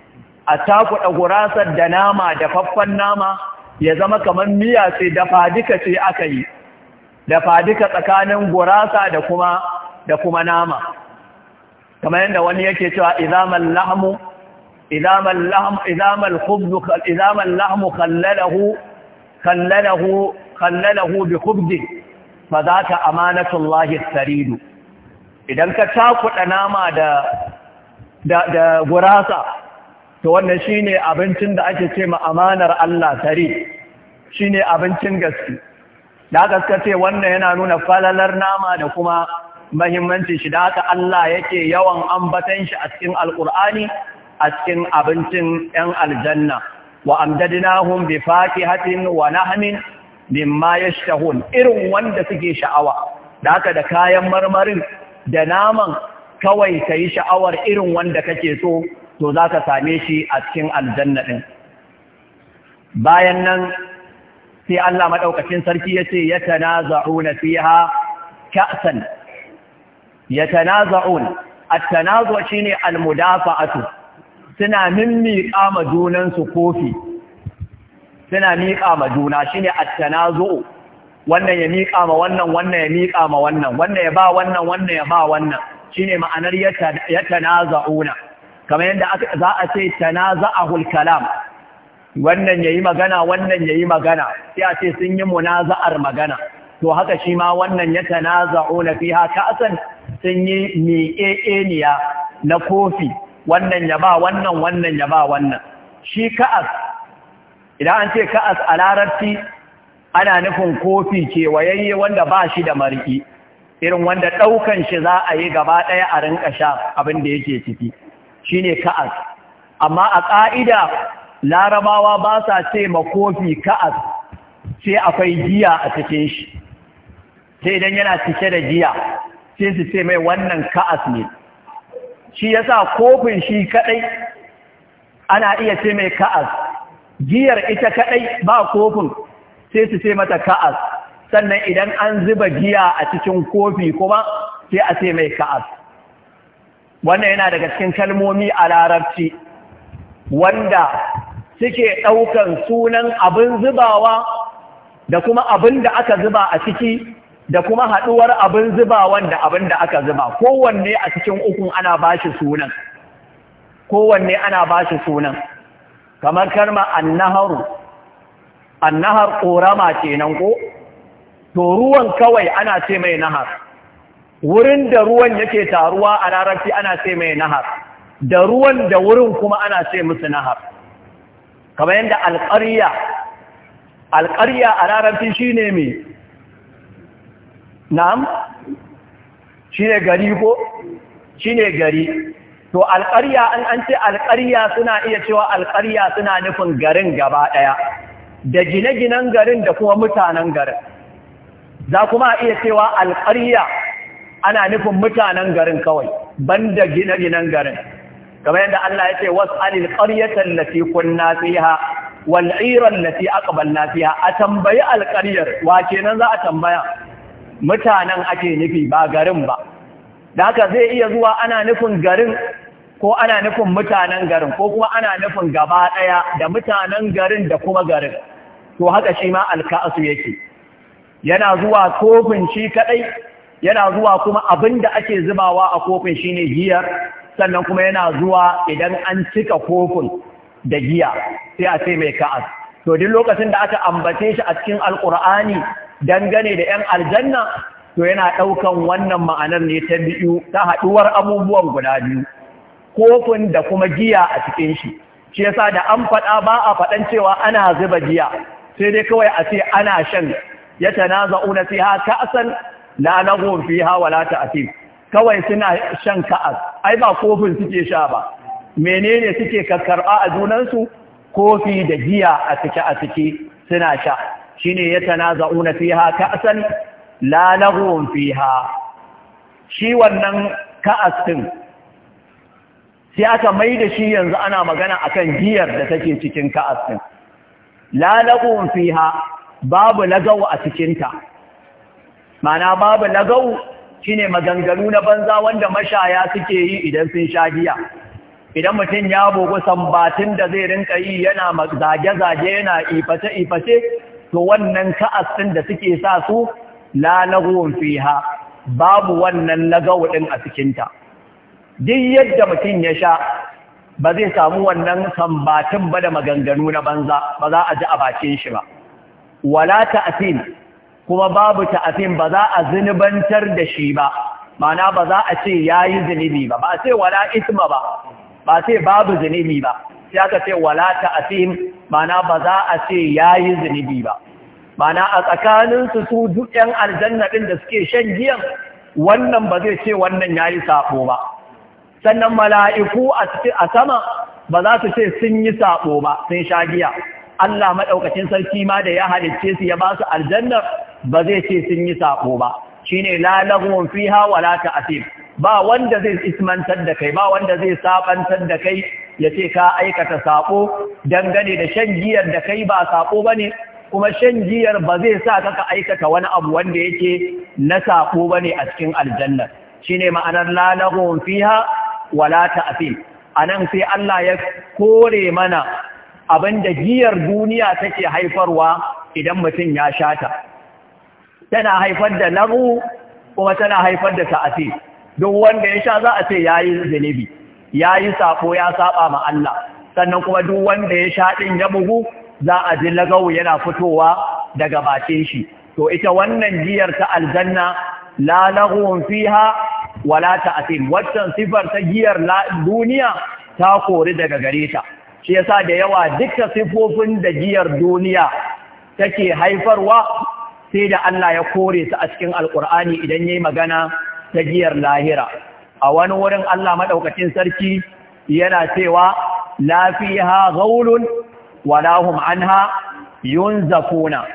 a cakuɗa gurasar da nama da faffan nama ya zama kamar miya sai dafa duka ce aka yi dafa duka tsakanin gurasa da kuma nama kamar yadda wani yake cewa izaman lahmu إذا اللحم إذا الخبز إذا اللحم خلله خلله خلله idan ka cakuɗa nama da gurasa to wannan shine abincin da ake ce ma amanar Allah sare shine abincin gaske da gaske ce wannan yana nuna falalar nama da kuma mahimmanci shi da haka Allah yake yawan ambatan shi a cikin alkur'ani a cikin abincin ‘yan aljanna, wa amdadinahum bi fakihatin wa ma ya shahun irin wanda suke sha'awa, da haka da kayan marmarin da naman kawai ka yi sha'awar irin wanda kake so, to za ka same shi a cikin aljanna ɗin. Bayan nan, sai Allah maɗaukacin sarki ya ce, ya tana za'una fiha ka'san, ya tana a tana almudafa'atu. suna mimmiƙa ma junansu kofi suna miƙa ma juna shine at-tanazu wannan ya miƙa ma wannan wannan ya miƙa ma wannan wannan ya ba wannan wannan ya ba wannan shine ma'anar ya tanaza'una kamar yadda za a ce tanaza'ahul kalam wannan yayi magana wannan yayi magana sai a ce sun yi munaza'ar magana to haka shi ma wannan ya tanaza'una fiha asan sun yi miƙeƙeniya na kofi wannan ya ba wannan wannan ya ba wannan shi ka'as idan an ce ka'as a larabci ana nufin kofi wayayye wanda ba shi da mariki irin wanda ɗaukan shi za a yi gaba ɗaya a rinka sha abin da yake ciki shi ne ka'as amma a ƙa'ida larabawa ba sa ce ma kofi ka'as sai akwai giya a cikin shi sai idan yana cike da giya sai su ce mai wannan ka'as ne shi yasa kofin shi kadai ana iya ce mai ka'as giyar ita kadai ba kofin sai su ce mata ka'as sannan idan an zuba giya a cikin kofi kuma sai a ce mai ka'as wannan yana daga cikin kalmomi a larabci wanda suke ɗaukan sunan abin zubawa da kuma abin da aka zuba a ciki da kuma haɗuwar abin zuba wanda abin da aka zuba kowanne a cikin ukun ana ba shi sunan kowanne ana ba sunan kamar karma annaharu annahar ƙorama ce nan ko to ruwan kawai ana ce mai nahar wurin da ruwan yake taruwa a rarafi ana ce mai nahar da ruwan da wurin kuma ana ce musu nahar kamar yadda alƙarya alƙarya a shi shine mai na'am shi ne gari ko shi ne gari to alƙarya an an ce alƙarya suna iya cewa alƙarya suna nufin garin gaba ɗaya da gine-ginen garin da kuma mutanen garin za kuma iya cewa alƙarya ana nufin mutanen garin kawai banda gine-ginen garin kamar yadda Allah ya ce was'alil qaryatan lati kunna fiha wal 'ira lati aqbalna fiha a tambayi alƙaryar wa kenan za a tambaya mutanen ake nufi ba garin ba da haka zai iya zuwa ana nufin garin ko ana nufin mutanen garin ko kuma ana nufin gaba ɗaya da mutanen garin da kuma garin to haka shi ma alka'asu yake yana zuwa kofin shi kaɗai yana zuwa kuma abin da ake zubawa a kofin shi ne giyar sannan kuma yana zuwa idan an cika kofin da giya sai a ce mai ka'asu to din lokacin da aka ambace shi a cikin alkur'ani dangane da 'yan aljanna to yana ɗaukan wannan ma'anar ne ta biyu ta haɗuwar abubuwan guda biyu kofin da kuma giya a cikin shi shi yasa da an faɗa ba a faɗan cewa ana zuba giya sai dai kawai a ce ana shan ya tanaza'una fiha ka'san la laghun fiha wala ta'thim kawai suna shan ka'as ai ba kofin suke sha ba menene suke kakkarba a junansu kofi da giya a cike a cike suna sha shine ya tanaza'una fiha ka'san la lahum fiha shi wannan ka'as din sai aka mai da shi yanzu ana magana akan giyar da take cikin ka'as din la lahum fiha babu lagaw a cikin ta mana babu lagaw shine maganganu na banza wanda mashaya suke yi idan sun sha giya idan mutum ya bugu sambatin da zai rinka yi yana zage-zage yana iface-iface to wannan ka'as ɗin da suke sa su lalagun fi fiha babu wannan lagawu ɗin a cikinta duk yadda mutum ya sha ba zai samu wannan sambatin ba da maganganu na banza ba za a ji a bakin shi ba wala ta'afin, kuma babu ta'asin ba za a zinubantar da shi ba mana ba za a ce ya yi zinubi ba ba a ce wala isma ba ba sai babu zunubi ba sai aka ce wala ta'sim mana ba za a ce yayi zunubi ba mana a tsakanin su su duk yan aljanna din da suke shan giyan wannan ba zai ce wannan yayi sabo ba sannan mala'iku a sama ba za su ce sun yi sabo ba sun sha giya Allah maɗaukacin sarki ma da ya halicce su ya ba su aljannar ba zai ce sun yi saɓo ba shi ne lalagun fiha wala ta'asir ba wanda zai ismantar da kai ba wanda zai sabantar da kai ya ce ka aikata sako dangane da shan giyar da kai ba sako ba ne kuma shan giyar ba zai sa ka ka aikata wani abu wanda yake na sako ba ne a cikin aljanna shine ma'anar lalahun fiha wala ta'fil anan sai Allah ya kore mana abin da giyar duniya take haifarwa idan mutum ya sha ta. tana haifar da lagu kuma tana haifar da ta'fil duk wanda ya sha za a ce yayi ya yayi sako ya saba ma Allah sannan kuma duk wanda ya sha din ya bugu za a ji lagawu yana fitowa daga bakin shi to ita wannan giyar ta aljanna la laghun fiha wala ta'tim wannan sifar ta giyar duniya ta kori daga gare ta shi yasa da yawa dukkan sifofin da giyar duniya take haifarwa sai da Allah ya kore su a cikin alkur'ani idan yayi magana ta giyar lahira a wani wurin Allah maɗaukacin sarki yana cewa lafiha fiha ghaulun wala hum anha yunzafuna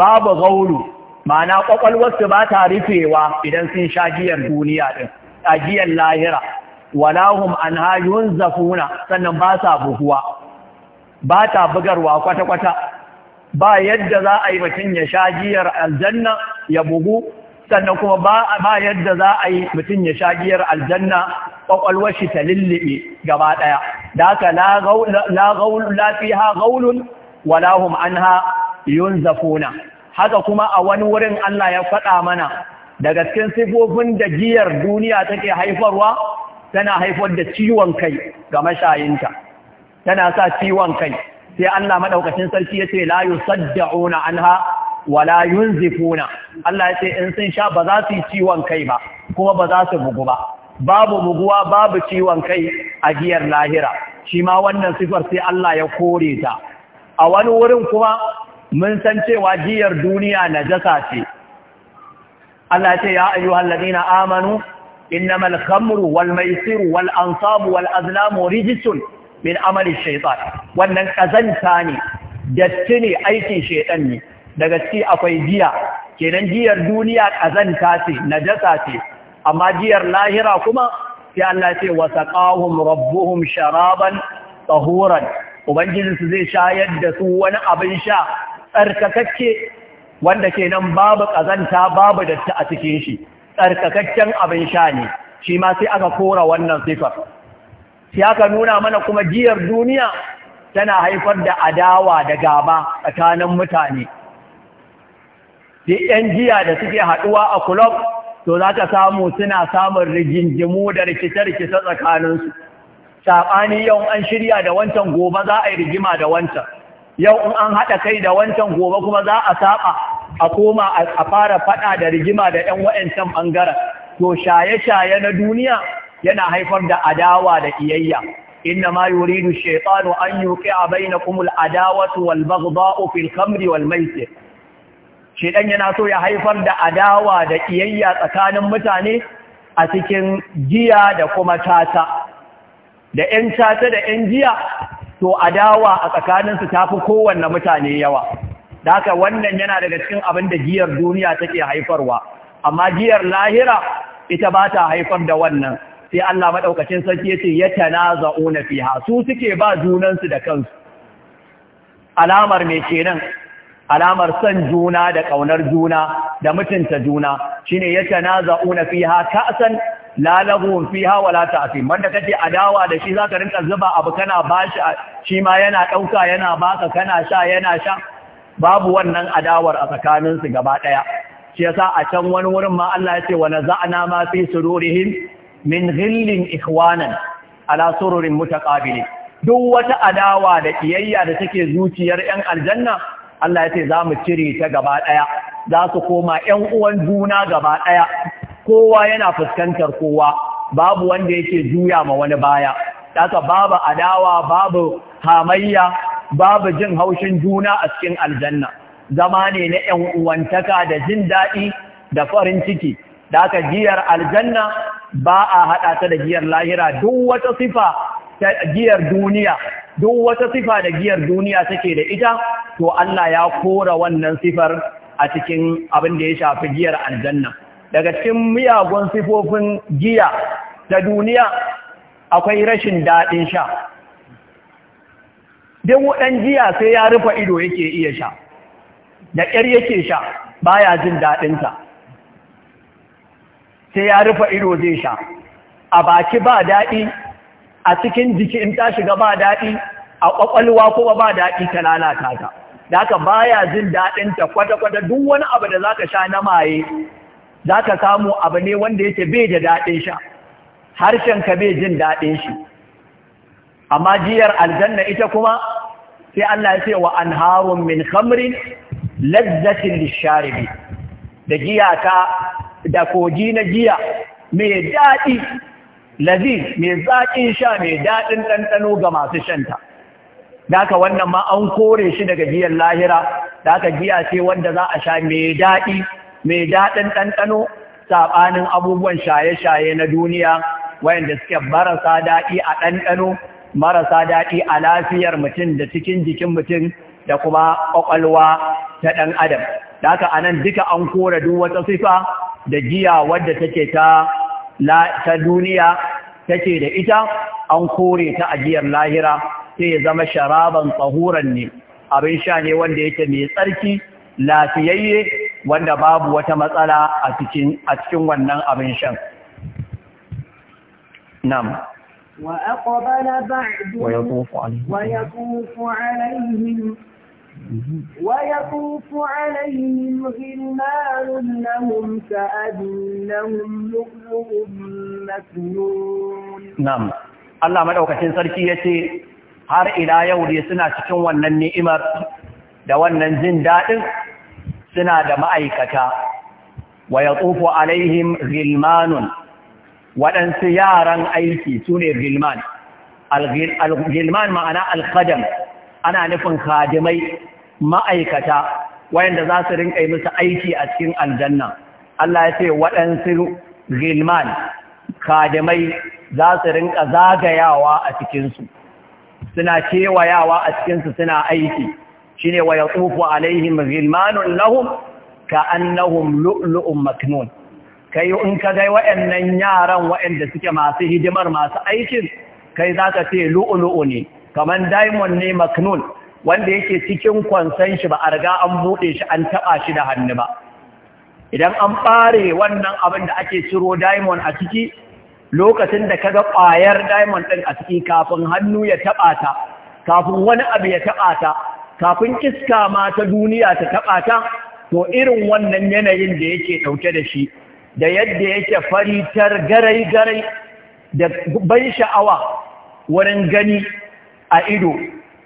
babu gaulu ma'ana kwakwalwarsu ba ta rufewa idan sun sha giyar duniya ɗin. a giyar lahira walahum anha zafuna. sannan ba sa buhuwa ba ta bugarwa kwata-kwata ba yadda za a yi mutum ya sha giyar aljanna ya bugu sannan kuma ba yadda za a yi mutum ya sha giyar aljanna ƙwaƙwalwar shi ta lullube gaba ɗaya da haka lafiha fiha walahum an ha anha zafuna haka kuma a wani wurin Allah ya faɗa mana daga cikin sifofin da giyar duniya take haifarwa tana haifar da ciwon kai ga mashayinta tana sa ciwon kai sai Allah maɗaukacin sarki ya ce la yusaddauna anha wala yunzifuna Allah ya ce in sun sha ba za su yi ciwon kai ba kuma ba za su bugu ba babu buguwa babu ciwon kai a giyar lahira shi ma wannan sifar sai Allah ya kore ta a wani wurin kuma mun san cewa giyar duniya najasa ce Allah ya ce ya ayyuhal ladina amanu innamal khamru wal maisiru wal ansabu wal azlamu rijsun min amali shaytan wannan kazanta ne datti ne aikin shaytan ne daga ciki akwai jiya kenan jiyar duniya kazanta ce na najasa ce amma jiyar lahira kuma sai Allah ce wasaqahum rabbuhum sharaban tahuran ubangiji su zai shayar da su wani abin sha tsarkakakke wanda kenan babu kazanta babu datti a cikin shi tsarkakakken abin sha ne shi ma sai aka kora wannan sifar sai aka nuna mana kuma jiyar duniya tana haifar da adawa da gaba tsakanin mutane duk yan giya da suke haɗuwa a kulob to za ka samu suna samun rigingimu da rikice-rikice tsakaninsu saɓani yau an shirya da wancan gobe za a yi rigima da wancan yau in an haɗa kai da wancan gobe kuma za a saɓa a koma a fara faɗa da rigima da ‘yan wa'yancan ɓangaren to shaye-shaye na duniya yana haifar da adawa da iyayya inna ma yuridu shaytanu an yuqi'a bainakum al-adawatu wal baghdha'u fil khamri wal maisir ɗan yana so ya haifar da adawa da ƙiyayya tsakanin mutane a cikin giya da kuma tata da yan tata da yan jiya, to adawa a tsakaninsu ta fi kowanne mutane yawa da haka wannan yana daga cikin abin da giyar duniya take haifarwa amma giyar lahira ita ba ta haifar da wannan sai Allah maɗaukacin sarki yace ya na fiha su suke ba junansu da kansu alamar mai kenan alamar son juna da ƙaunar juna da mutunta juna shine yake naza'una fiha ka'san la lahum fiha wala tafi. wanda kace adawa da shi zaka rinka zuba abu kana bashi shi ma yana dauka yana baka kana sha yana sha babu wannan adawar a tsakanin su gaba daya shi yasa a can wani wurin ma Allah ya ce wa naza'na ma fi sururihim min ghillin ikhwanan ala sururin mutaqabilin duk wata adawa da kiyayya da take zuciyar 'yan aljanna Allah ya ce za mu cire ta gaba ɗaya za su koma ‘yan uwan juna gaba ɗaya kowa yana fuskantar kowa babu wanda yake juya ma wani baya haka babu adawa babu hamayya babu jin haushin juna a cikin aljanna zama ne na ‘yan uwantaka da jin daɗi da farin ciki da giyar aljanna ba a haɗa ta da giyar lahira duk wata sifa ta giyar duniya duk wata sifa da giyar duniya take da ita to Allah ya kora wannan sifar a cikin abin da ya shafi giyar aljanna daga cikin miyagun sifofin giya ta duniya akwai rashin daɗin sha duk waɗan giya sai ya rufa ido yake iya sha da ƙyar yake sha baya jin daɗinsa sai ya rufa ido zai sha a baki ba daɗi a cikin jiki in ta shiga ba daɗi a ƙwaƙwalwa kuma ba daɗi ta lalata ta da haka baya jin daɗin ta kwata-kwata duk wani abu da za ka sha na maye zaka samu abu ne wanda yake bai da daɗin sha harshen ka bai jin daɗin shi amma jiyar aljanna ita kuma sai Allah ya ce wa anharun min khamrin lazzatin lishari, da giya ta da kogi na giya mai daɗi Lazis, mai zaƙin sha mai daɗin ɗanɗano ga masu shanta da aka wannan ma an kore shi daga giyan lahira da aka giya ce wanda za a sha mai daɗi mai daɗin ɗanɗano saɓanin abubuwan shaye-shaye na duniya wayanda suke marasa daɗi a ɗanɗano marasa daɗi a lafiyar mutum da cikin jikin mutum da kuma ƙwaƙwalwa ta ɗan adam da aka anan duka an kore duk wata sifa da giya wadda take ta ta duniya take da ita an kore ta ajiyar lahira sai ya zama sharaban tsahuran ne abin sha ne wanda yake mai tsarki lafiyayye wanda babu wata matsala a cikin a cikin wannan abin shan nam wa aqbala ba'du wa yatufu alayhim ويطوف عليهم غلمان لهم كأنهم لؤلؤ مكنون نعم Allah maɗaukacin sarki yace har ila yau da suna cikin wannan ni'imar da wannan jin dadin suna da ma'aikata wa yatufu alaihim ghilmanun waɗansu yaran aiki sune ghilman al-ghilman ma'ana al ana nufin khadimai ma'aikata wayanda za su rinka musu aiki a cikin aljanna Allah ya ce waɗansu gilman khadimai za su rinka zagayawa a cikinsu suna kewayawa a cikinsu suna aiki shine wa yatufu alaihim gilmanun lahum annahum lu'lu'un maknun kai in ka ga waɗannan yaran waɗanda suke masu hidimar masu aikin kai zaka ce lu'lu'u ne kamar diamond ne maknul, wanda yake cikin kwansan shi ba a riga an buɗe shi an taɓa shi da hannu ba idan an ɓare wannan abin da ake ciro diamond a ciki lokacin da kaga ƙwayar diamond ɗin a ciki kafin hannu ya taɓa ta kafin wani abu ya taɓa ta kafin iska ma ta duniya ta taɓa ta to irin wannan yanayin da yake ɗauke da shi da yadda yake faritar garai-garai da ban sha'awa wurin gani a ido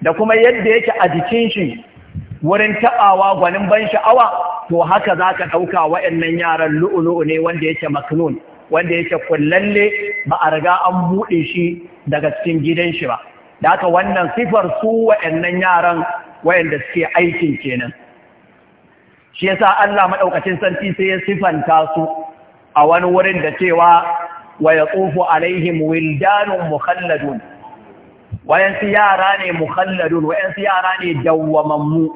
da kuma yadda yake a jikin shi wurin taɓawa gwanin ban sha'awa to haka za ka ɗauka wa'annan yaran lu'ulu'u ne wanda yake maknun wanda yake kullalle ba a riga an buɗe shi daga cikin gidan shi ba da haka wannan sifar su wa'annan yaran wa'anda suke aikin kenan shi yasa Allah maɗaukacin sarki sai ya sifanta su a wani wurin da cewa wa yaqufu alaihim wildanun mukhalladun wayansu yara ne mukhalladun wayansu yara ne dawwamammu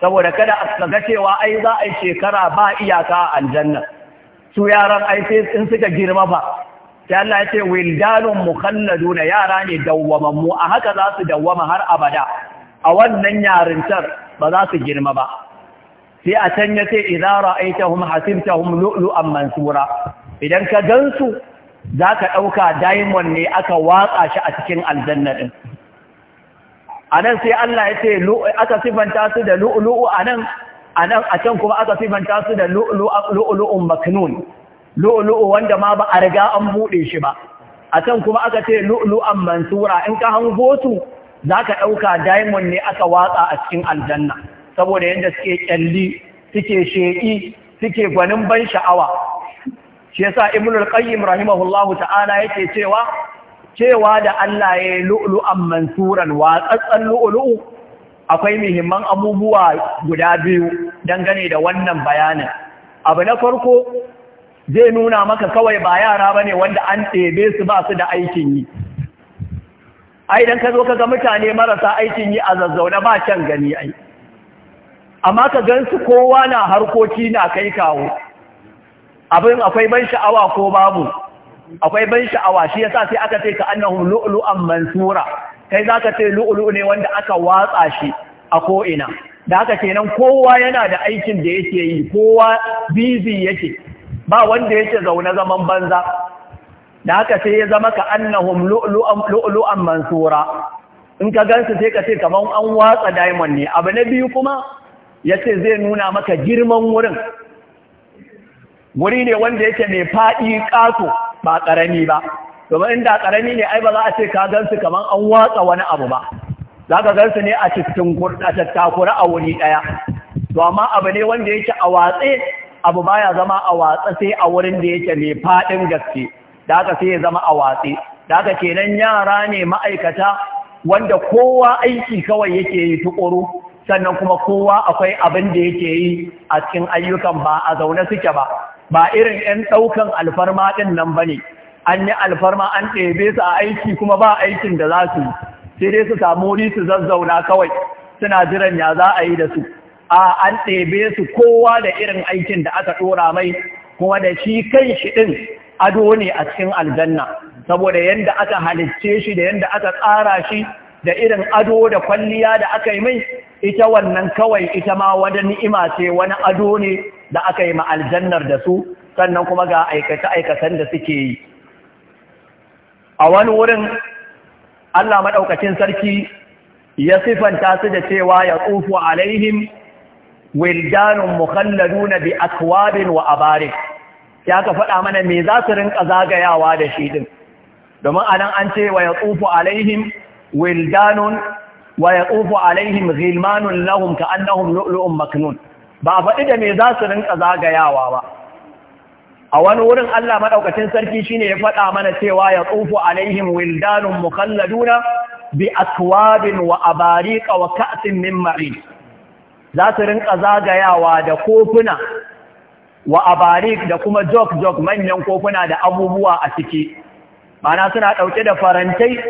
saboda kada a ga cewa ai za a yi shekara ba iyaka a aljanna su yaran ai sai in suka girma ba sai Allah ya ce wildanun mukhalladuna yara ne dawwamammu a haka za su dawwama har abada a wannan yarintar ba za su girma ba sai a can ya ce idza ra'aytahum hasibtahum lu'lu'an mansura idan ka gansu za ka ɗauka diamond ne aka watsa shi a cikin aljanna ɗin a nan sai Allah ya ce aka sifanta su da lu'ulu'u a nan a nan a can kuma aka sifanta su da lu'ulu'un maknun lu'ulu'u wanda ma ba a riga an buɗe shi ba a can kuma aka ce lu'ulu'an mansura in ka hango su za ka ɗauka diamond ne aka watsa a cikin aljanna saboda yadda suke ƙyalli suke sheƙi suke gwanin ban sha'awa shi yasa ibnu al-qayyim rahimahullahu ta'ala yake cewa cewa da Allah ya yi lu'lu'an mansuran tsatsan luu akwai muhimman abubuwa guda biyu dangane da wannan bayanin abu na farko zai nuna maka kawai ba yara ba ne wanda an ɗebe su ba su da aikin yi ai dan ka zo ka ga mutane marasa aikin yi a zazzaune ba can gani ai amma ka gansu kowa na harkoki na kai kawo abin akwai ban sha'awa ko babu akwai ban sha'awa shi yasa sai aka ce ka annahu lu'lu'an mansura kai zaka ce lu'lu'u ne wanda aka watsa shi a ko ina da haka kenan kowa yana da aikin da yake yi kowa busy yake ba wanda yake zaune zaman banza da haka sai ya zama ka annahum lu'lu'an lu'lu'an mansura in ka gansu sai ka ce kaman an watsa diamond ne abu na biyu kuma yace zai nuna maka girman wurin wuri ne wanda yake mai faɗi ƙaso ba ƙarami ba domin inda ƙarami ne ai ba za a ce ka gansu kamar an watsa wani abu ba za ka gansu ne a cikin tattakura a wuri ɗaya to amma abu ne wanda yake a watse abu baya zama a watsa sai a wurin da yake mai faɗin gaske da haka sai ya zama a watse da haka kenan yara ne ma'aikata wanda kowa aiki kawai yake yi tukuru sannan kuma kowa akwai abin da yake yi a cikin ayyukan ba a zaune suke ba ba irin 'yan ɗaukan alfarma ɗin nan ba ne an yi alfarma an ɗebe su a aiki kuma ba aikin da za su sai dai su samu wuri su zazzauna kawai suna jiran ya za a yi da su a an ɗebe su kowa da irin aikin da aka ɗora mai kuma da shi kai shi ɗin ado ne a cikin aljanna saboda yadda aka halicce shi da yadda aka tsara shi da irin ado da kwalliya da aka yi mai ita wannan kawai ita ma wani ni'ima ce wani ado ne da aka yi ma aljannar da su sannan kuma ga aikace-aikacen da suke yi a wani wurin Allah maɗaukacin sarki ya sifanta su da cewa ya tsufu alaihim wildanun na bi akwabin wa abarik ya ka faɗa mana me za su rinka zagayawa da shi ɗin? domin a nan an ce wa ya tsufu alaihim wildanun wa ya tsufu alaihim ghilmanun lahum ka'annahum lu'lu'un maknun ba a faɗi da me za su rinka zagayawa ba a wani wurin Allah maɗaukacin sarki shi ne ya faɗa mana cewa ya tsufu alaihim wildanun Mukalladuna, bi akwabin wa bariƙa wa ka'asin min mari. za su rinka zagayawa da kofuna wa da kuma jok jok manyan kofuna da abubuwa a ciki mana suna ɗauke da farantai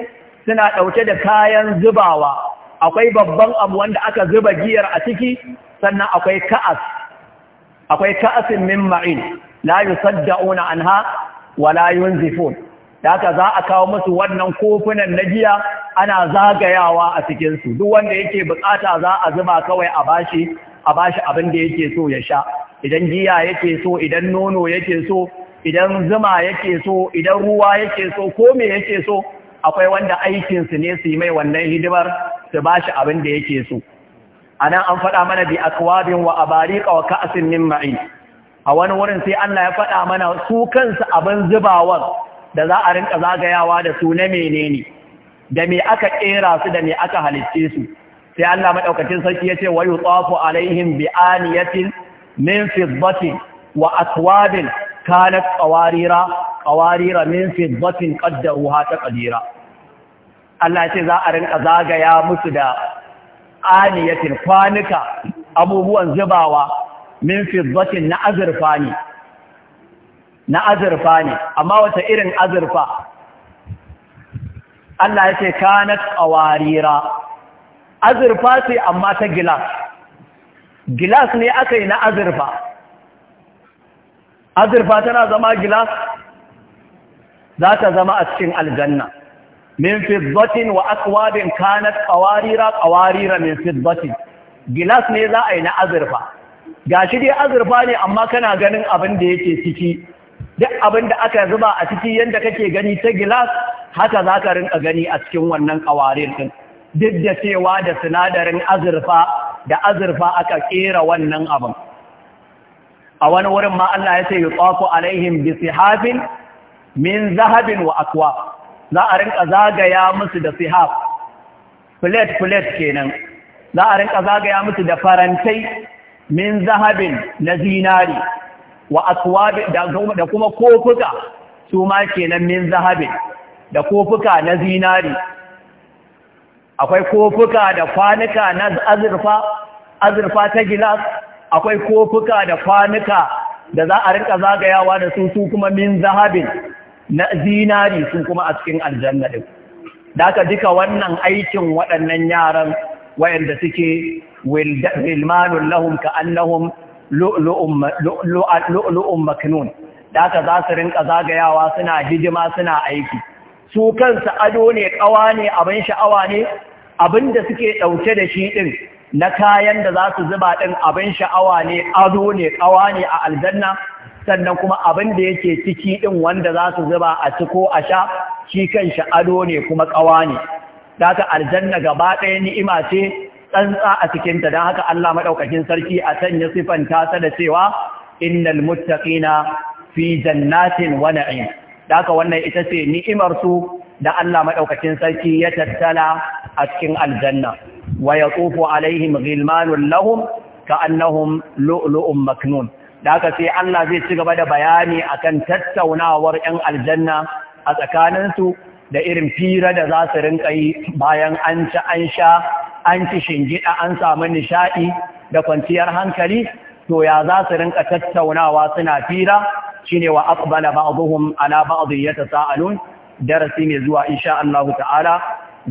suna ɗauke da kayan zubawa akwai babban abu wanda aka zuba giyar a ciki sannan akwai ka'as akwai ka'asin min ma'in la yusaddauna anha wa la yunzifun da za a kawo musu wannan kofunan na giya ana zagayawa a cikinsu. duk wanda yake bukata za a zuba kawai a bashi a bashi abin da yake so ya sha idan giya yake so idan nono yake so idan zuma yake so idan ruwa yake so ko me yake so akwai wanda aikinsu ne su yi mai wannan hidimar su bashi abin da yake so nan an faɗa mana bi akwabin wa abariqa wa ka'sin min ma'in a wani wurin sai Allah ya faɗa mana su kansu abin zubawar da za a rinka zagayawa da su na menene da me aka kera su da me aka halicce su sai Allah madaukakin sarki ya ce wa alaihin alaihim bi aniyatin min fiddatin wa akwabin kanat qawarira qawarira min fiddatin qaddaruha taqdira Allah ya ce za a rinka zagaya musu da aniyatin kwanuka abubuwan zubawa min fiddatin na azurfa ne na azurfa ne amma wata irin azurfa Allah ya ce kanat qawarira azurfa ce amma ta gilas gilas ne aka yi na azurfa azurfa tana zama gilas za ta zama a cikin aljanna min fiddatin wa akwabin kanat qawarira qawarira min fiddatin gilas ne za a yi na azurfa gashi dai azurfa ne amma kana ganin abin da yake ciki duk abin da aka zuba a ciki yanda kake gani ta gilas haka za ka rinka gani a cikin wannan qawarir din duk da cewa da sinadarin azurfa da azurfa aka kera wannan abin a wani wurin ma Allah ya ce yutafu alaihim bi min zahabin wa akwa za a rinka zagaya musu da sihab plate-plate kenan za a rinka zagaya musu da farantai min zahabin na zinari wa da kuma kofuka su ma kenan min zahabin da kofuka na zinari akwai kofuka da kwanuka na azurfa azurfa ta gilas akwai kofuka da kwanuka da za a rinka zagayawa da su su kuma min zahabin na zinari sun kuma a cikin aljanna din daga duka wannan aikin waɗannan yaran wayanda suke wilmanun lahum ka annahum luun maknun daka za su rinka zagayawa suna hidima suna aiki su kansu ado ne ƙawa ne abin sha'awa ne abin da suke ɗauke da shi ɗin na kayan da za su zuba ɗin abin sha'awa ne ado ne ƙawa ne a aljanna sannan kuma abin da yake ciki ɗin wanda za su zuba a ci ko a sha shi kanshi ado ne kuma ƙawa ne da haka aljanna gaba ɗaya ni'ima ce tsantsa a cikinta don haka Allah maɗaukacin sarki a sanya sifanta ta da cewa innal muttaqina fi jannatin wa na'im da haka wannan ita ce ni'imar su da Allah maɗaukacin sarki ya tattala a cikin aljanna wa yatufu alaihim ghilmanun lahum ka'annahum lu'lu'un maknun da aka sai Allah zai ci gaba da bayani akan tattaunawar 'yan aljanna a tsakaninsu da irin fira da za su rinka yi bayan an ci an sha an ci shingida an samu nishaɗi da kwanciyar hankali to ya za su rinka tattaunawa suna fira shine wa aqbala ba'dhum ala ba'd yatasaalun darasi ne zuwa insha Allah ta'ala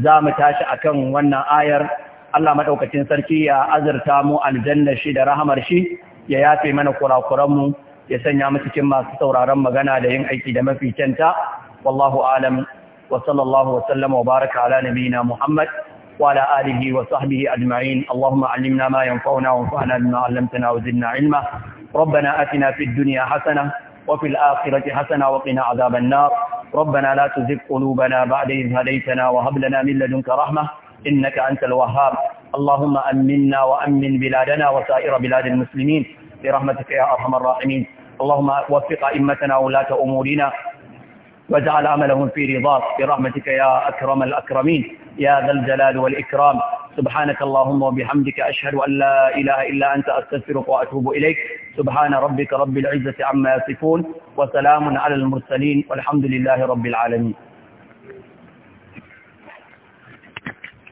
za mu tashi akan wannan ayar Allah madaukakin sarki ya azurta mu aljanna shi da rahamar shi ya yafe mana kurakuranmu ya sanya mu cikin masu sauraron magana da yin aiki da mafi kyanta wallahu alam wa sallallahu wa sallama wa baraka ala nabiyina muhammad wa ala alihi wa sahbihi ajma'in allahumma allimna ma yanfa'una wa anfa'na bima 'allamtana wa zidna ilma ربنا آتنا في الدنيا حسنة وفي الآخرة حسنة وقنا عذاب النار ربنا لا تزغ قلوبنا بعد إذ هديتنا وهب لنا من لدنك رحمة إنك أنت الوهاب اللهم أمنا وأمن بلادنا وسائر بلاد المسلمين برحمتك يا أرحم الراحمين اللهم وفق أئمتنا ولاة أمورنا واجعل عملهم في رضاك برحمتك يا أكرم الأكرمين يا ذا الجلال والإكرام سبحانك اللهم وبحمدك أشهد أن لا إله إلا أنت أستغفرك وأتوب إليك سبحان ربك رب العزة عما يصفون وسلام على المرسلين والحمد لله رب العالمين